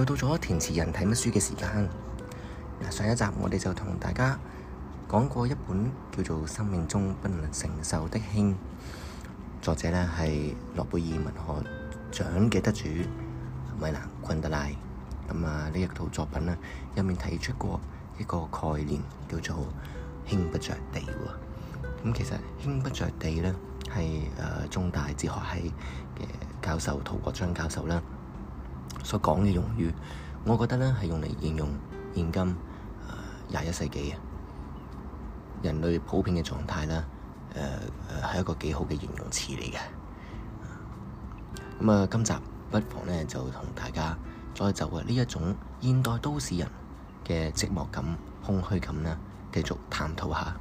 又到咗填詞人睇乜書嘅時間。上一集我哋就同大家講過一本叫做《生命中不能承受的輕》，作者呢係諾貝爾文學獎嘅得主米蘭昆德拉。咁、嗯、啊，呢一套作品呢，入面提出過一個概念，叫做《輕不着地》。咁、嗯、其實《輕不着地》呢，係誒、呃、中大哲學系嘅教授陶國璋教授啦。所講嘅用語，我覺得咧係用嚟形容現今廿一、呃、世紀人類普遍嘅狀態啦。誒誒係一個幾好嘅形容詞嚟嘅。咁、嗯、啊、呃，今集不妨咧就同大家再就呢一種現代都市人嘅寂寞感、空虛感咧，繼續探討下。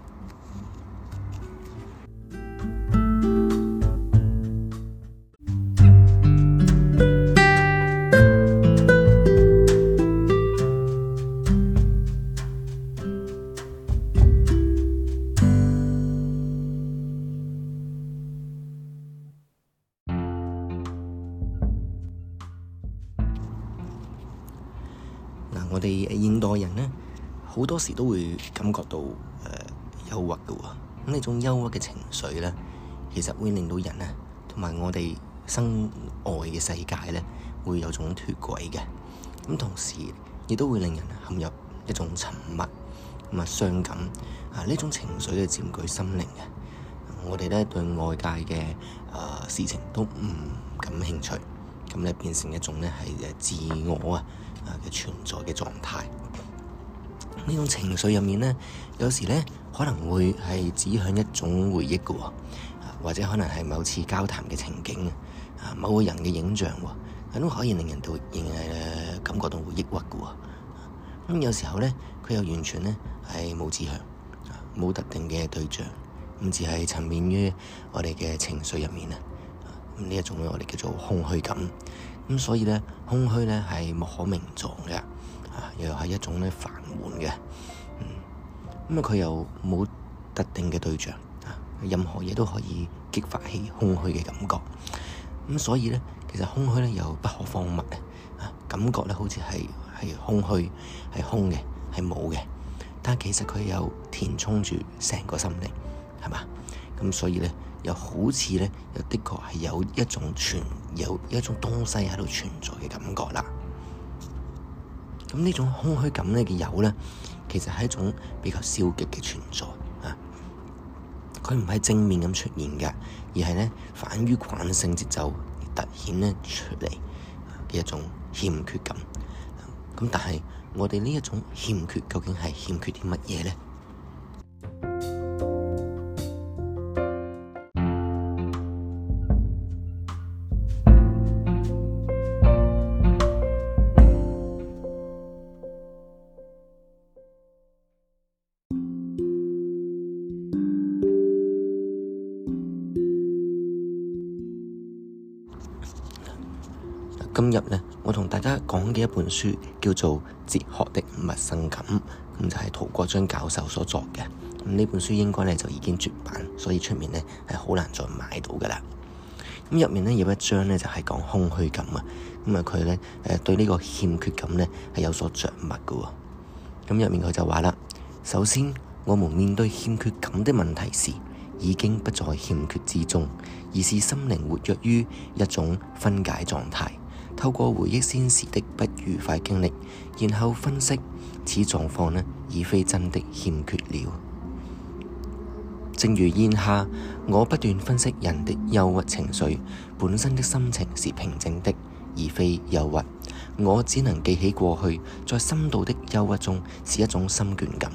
我哋現代人呢，好多時都會感覺到誒、呃、憂鬱嘅喎、哦。呢種憂鬱嘅情緒呢，其實會令到人呢，同埋我哋身外嘅世界呢，會有種脱軌嘅。咁同時亦都會令人陷入一種沉默，咁啊傷感啊呢種情緒係佔據心靈嘅。我哋呢，對外界嘅、呃、事情都唔感興趣，咁呢，變成一種呢係自我啊，存在嘅狀態，呢種情緒入面呢，有時呢可能會係指向一種回憶嘅喎，或者可能係某次交談嘅情景啊，某個人嘅影像喎，都可以令人到誒感覺到會抑鬱嘅喎。咁有時候呢，佢又完全呢係冇指向，冇特定嘅對象，咁只係沉眠於我哋嘅情緒入面啊。呢一種我哋叫做空虛感。咁所以咧，空虛咧係莫可名狀嘅，啊，又係一種咧煩悶嘅，嗯，咁啊佢又冇特定嘅對象，啊，任何嘢都可以激發起空虛嘅感覺，咁所以咧，其實空虛咧又不可方物啊，啊，感覺咧好似係係空虛，係空嘅，係冇嘅，但係其實佢又填充住成個心靈，係嘛，咁所以咧。又好似咧，又的確係有一種存，有一種東西喺度存在嘅感覺啦。咁呢種空虛感咧嘅有咧，其實係一種比較消極嘅存在啊。佢唔係正面咁出現嘅，而係咧反於慣性節奏突顯咧出嚟嘅一種欠缺感。咁、啊、但係我哋呢一種欠缺，究竟係欠缺啲乜嘢咧？今日咧，我同大家講嘅一本書叫做《哲學的陌生感》，咁就係陶國璋教授所作嘅。咁呢本書應該咧就已經絕版，所以出面咧係好難再買到噶啦。咁入面咧有一章咧就係、是、講空虛感啊。咁啊，佢咧誒，對呢個欠缺感咧係有所着墨噶。咁入面佢就話啦，首先我們面對欠缺感的問題時，已經不在欠缺之中，而是心靈活躍於一種分解狀態。透過回憶先時的不愉快經歷，然後分析此狀況呢，已非真的欠缺了。正如現下，我不斷分析人的憂鬱情緒，本身的心情是平靜的，而非憂鬱。我只能記起過去在深度的憂鬱中，是一種心倦感。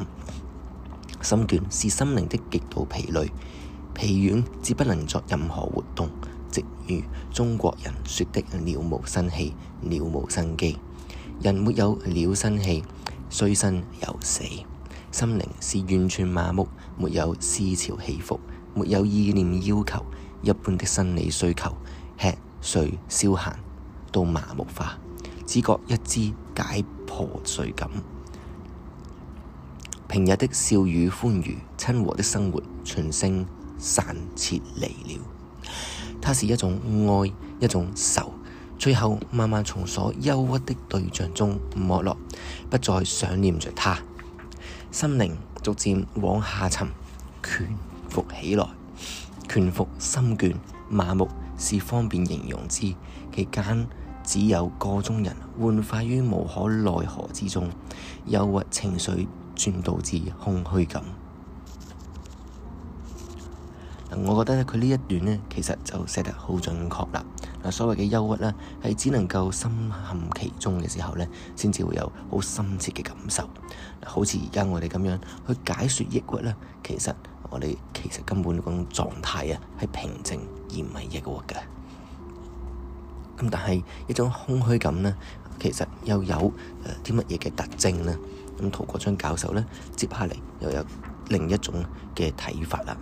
心倦是心靈的極度疲累，疲軟至不能作任何活動。正如中國人說的，了無生氣，了無生機。人沒有了生氣，雖生又死。心靈是完全麻木，沒有思潮起伏，沒有意念要求一般的生理需求，吃睡消閒都麻木化，只覺一知解破碎感。平日的笑語歡愉、親和的生活，全聲散切離了。它是一種愛，一種愁，最後慢慢從所憂鬱的對象中沒落，不再想念着他。心靈逐漸往下沉，蜷伏起來，蜷伏心倦麻木，是方便形容之。期間只有個中人，幻化於無可奈何之中，憂鬱情緒轉導致空虛感。我覺得佢呢一段呢，其實就寫得好準確啦。嗱，所謂嘅憂鬱呢，係只能夠深陷其中嘅時候呢，先至會有好深切嘅感受。好似而家我哋咁樣去解説抑鬱呢，其實我哋其實根本嗰種狀態啊，係平靜而唔係抑鬱嘅。咁但係一種空虛感呢，其實又有啲乜嘢嘅特徵呢？咁陶國璋教授呢，接下嚟又有另一種嘅睇法啦。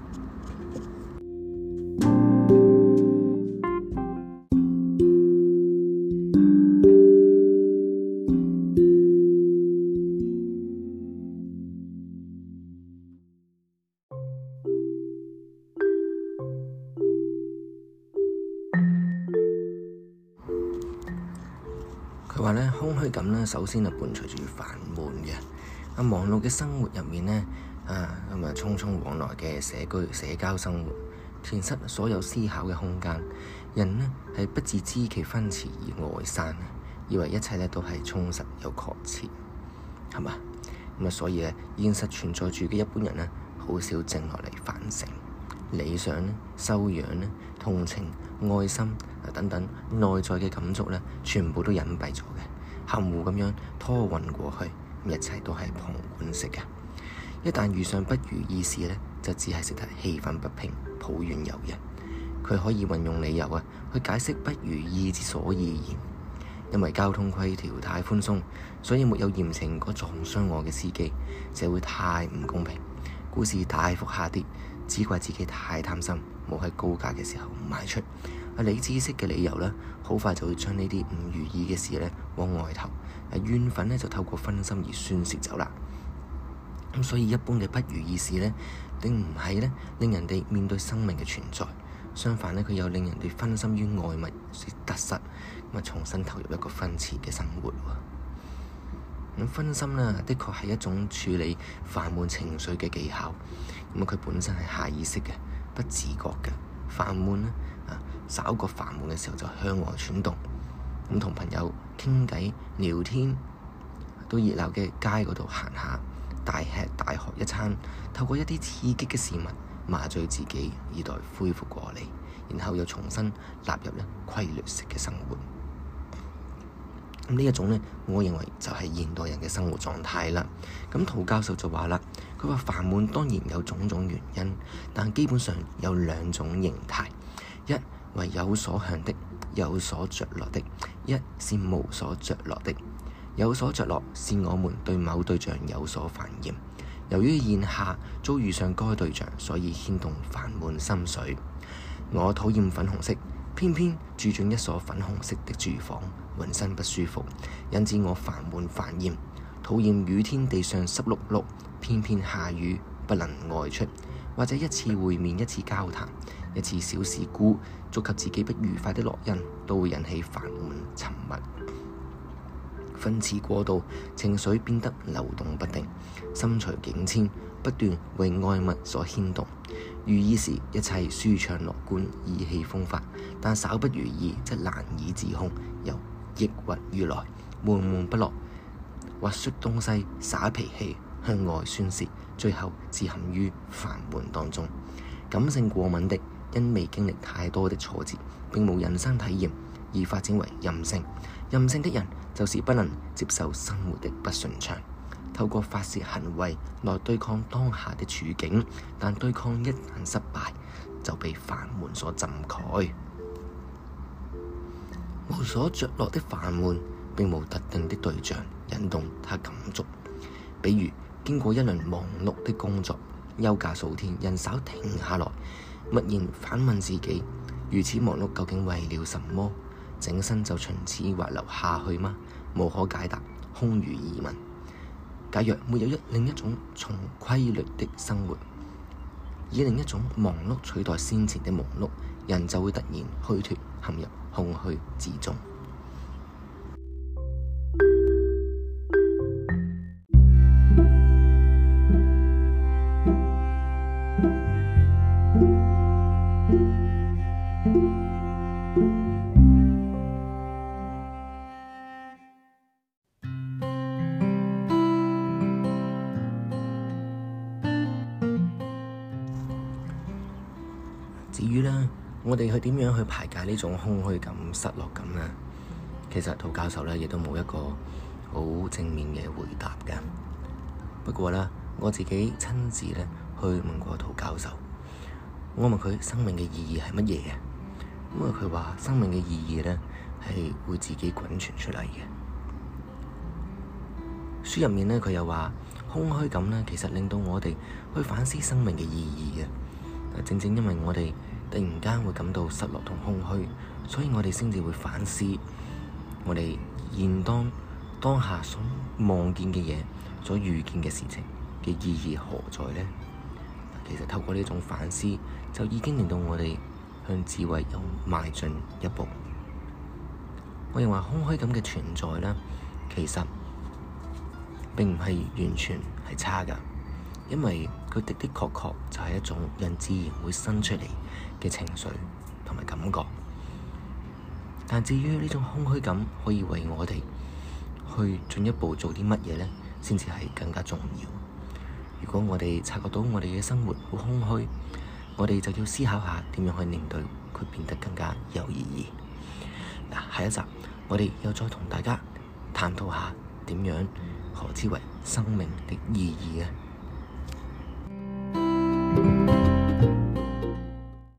佢話咧，空虛感咧，首先係伴隨住煩悶嘅。啊忙碌嘅生活入面咧，啊咁啊匆匆往來嘅社區社交生活，填塞所有思考嘅空間。人呢係不自知其分馳而外散，以為一切咧都係充實又確切，係嘛？咁啊，所以咧，現實存在住嘅一般人咧，好少靜落嚟反省理想咧、修養咧、同情愛心。等等內在嘅感觸呢，全部都隱蔽咗嘅，含糊咁樣拖運過去，一切都係旁觀式嘅。一旦遇上不如意事呢，就只係識得氣憤不平，抱怨尤人。佢可以運用理由啊，去解釋不如意之所以然。因為交通規條太寬鬆，所以沒有嚴懲個撞傷我嘅司機。社會太唔公平。股市大幅下跌，只怪自己太貪心，冇喺高價嘅時候賣出。啊！理智式嘅理由咧，好快就會將呢啲唔如意嘅事咧往外頭啊！怨憤咧就透過分心而宣泄走啦。咁、嗯、所以一般嘅不如意事咧，並唔係咧令人哋面對生命嘅存在，相反咧佢又令人哋分心於外物嘅、就是、得失，咁啊重新投入一個紛馳嘅生活喎。咁、嗯、分心啦，的確係一種處理煩悶情緒嘅技巧。咁、嗯、啊，佢本身係下意識嘅、不自覺嘅煩悶咧。找個煩悶嘅時候就向外轉動，咁同朋友傾偈聊天，到熱鬧嘅街嗰度行下，大吃大喝一餐，透過一啲刺激嘅事物麻醉自己，以待恢復過嚟，然後又重新納入咧規律式嘅生活。咁呢一種咧，我認為就係現代人嘅生活狀態啦。咁陶教授就話啦，佢話煩悶當然有種種原因，但基本上有兩種形態，一，為有所向的，有所着落的；一是無所着落的。有所着落是我們對某對象有所煩厭，由於現下遭遇上該對象，所以牽動煩悶心水。我討厭粉紅色，偏偏住進一所粉紅色的住房，渾身不舒服，引致我煩悶煩厭。討厭雨天地上濕漉漉，偏偏下雨不能外出。或者一次會面、一次交談、一次小事故，觸及自己不愉快的烙印，都會引起煩悶、沉鬱、分次過度，情緒變得流動不定，心隨境遷，不斷為外物所牽動。如意時，一切舒暢樂觀、意氣風發；但稍不如意，則難以自控，由抑鬱而來，悶悶不樂，或摔東西、耍脾氣，向外宣泄。最後自陷於煩悶當中。感性過敏的，因未經歷太多的挫折，並無人生體驗，而發展為任性。任性的人就是不能接受生活的不順暢，透過發泄行為來對抗當下的處境，但對抗一旦失敗，就被煩悶所浸蓋。無所着落的煩悶，並無特定的對象引動他感觸，比如。經過一輪忙碌的工作，休假數天，人稍停下來，默然反問自己：如此忙碌究竟為了什麼？整身就從此滑流下去嗎？無可解答，空餘疑問。假若沒有一另一種從規律的生活，以另一種忙碌取代先前的忙碌，人就會突然虛脱，陷入空虛之中。至於呢，我哋去點樣去排解呢種空虛感、失落感呢？其實陶教授呢，亦都冇一個好正面嘅回答㗎。不過呢，我自己親自呢，去問過陶教授，我問佢生命嘅意義係乜嘢嘅？咁啊，佢話生命嘅意義呢，係會自己滾傳出嚟嘅。書入面呢，佢又話空虛感呢，其實令到我哋去反思生命嘅意義嘅。正正因為我哋，突然間會感到失落同空虛，所以我哋先至會反思我哋現當當下所望見嘅嘢，所遇見嘅事情嘅意義何在呢？其實透過呢一種反思，就已經令到我哋向智慧又邁進一步。我認為空虛噉嘅存在呢，其實並唔係完全係差噶，因為佢的的確確就係一種人自然會生出嚟嘅情緒同埋感覺。但至於呢種空虛感可以為我哋去進一步做啲乜嘢呢？先至係更加重要。如果我哋察覺到我哋嘅生活好空虛，我哋就要思考下點樣去面對佢變得更加有意義。嗱，下一集我哋又再同大家探討下點樣何之為生命嘅意義呢。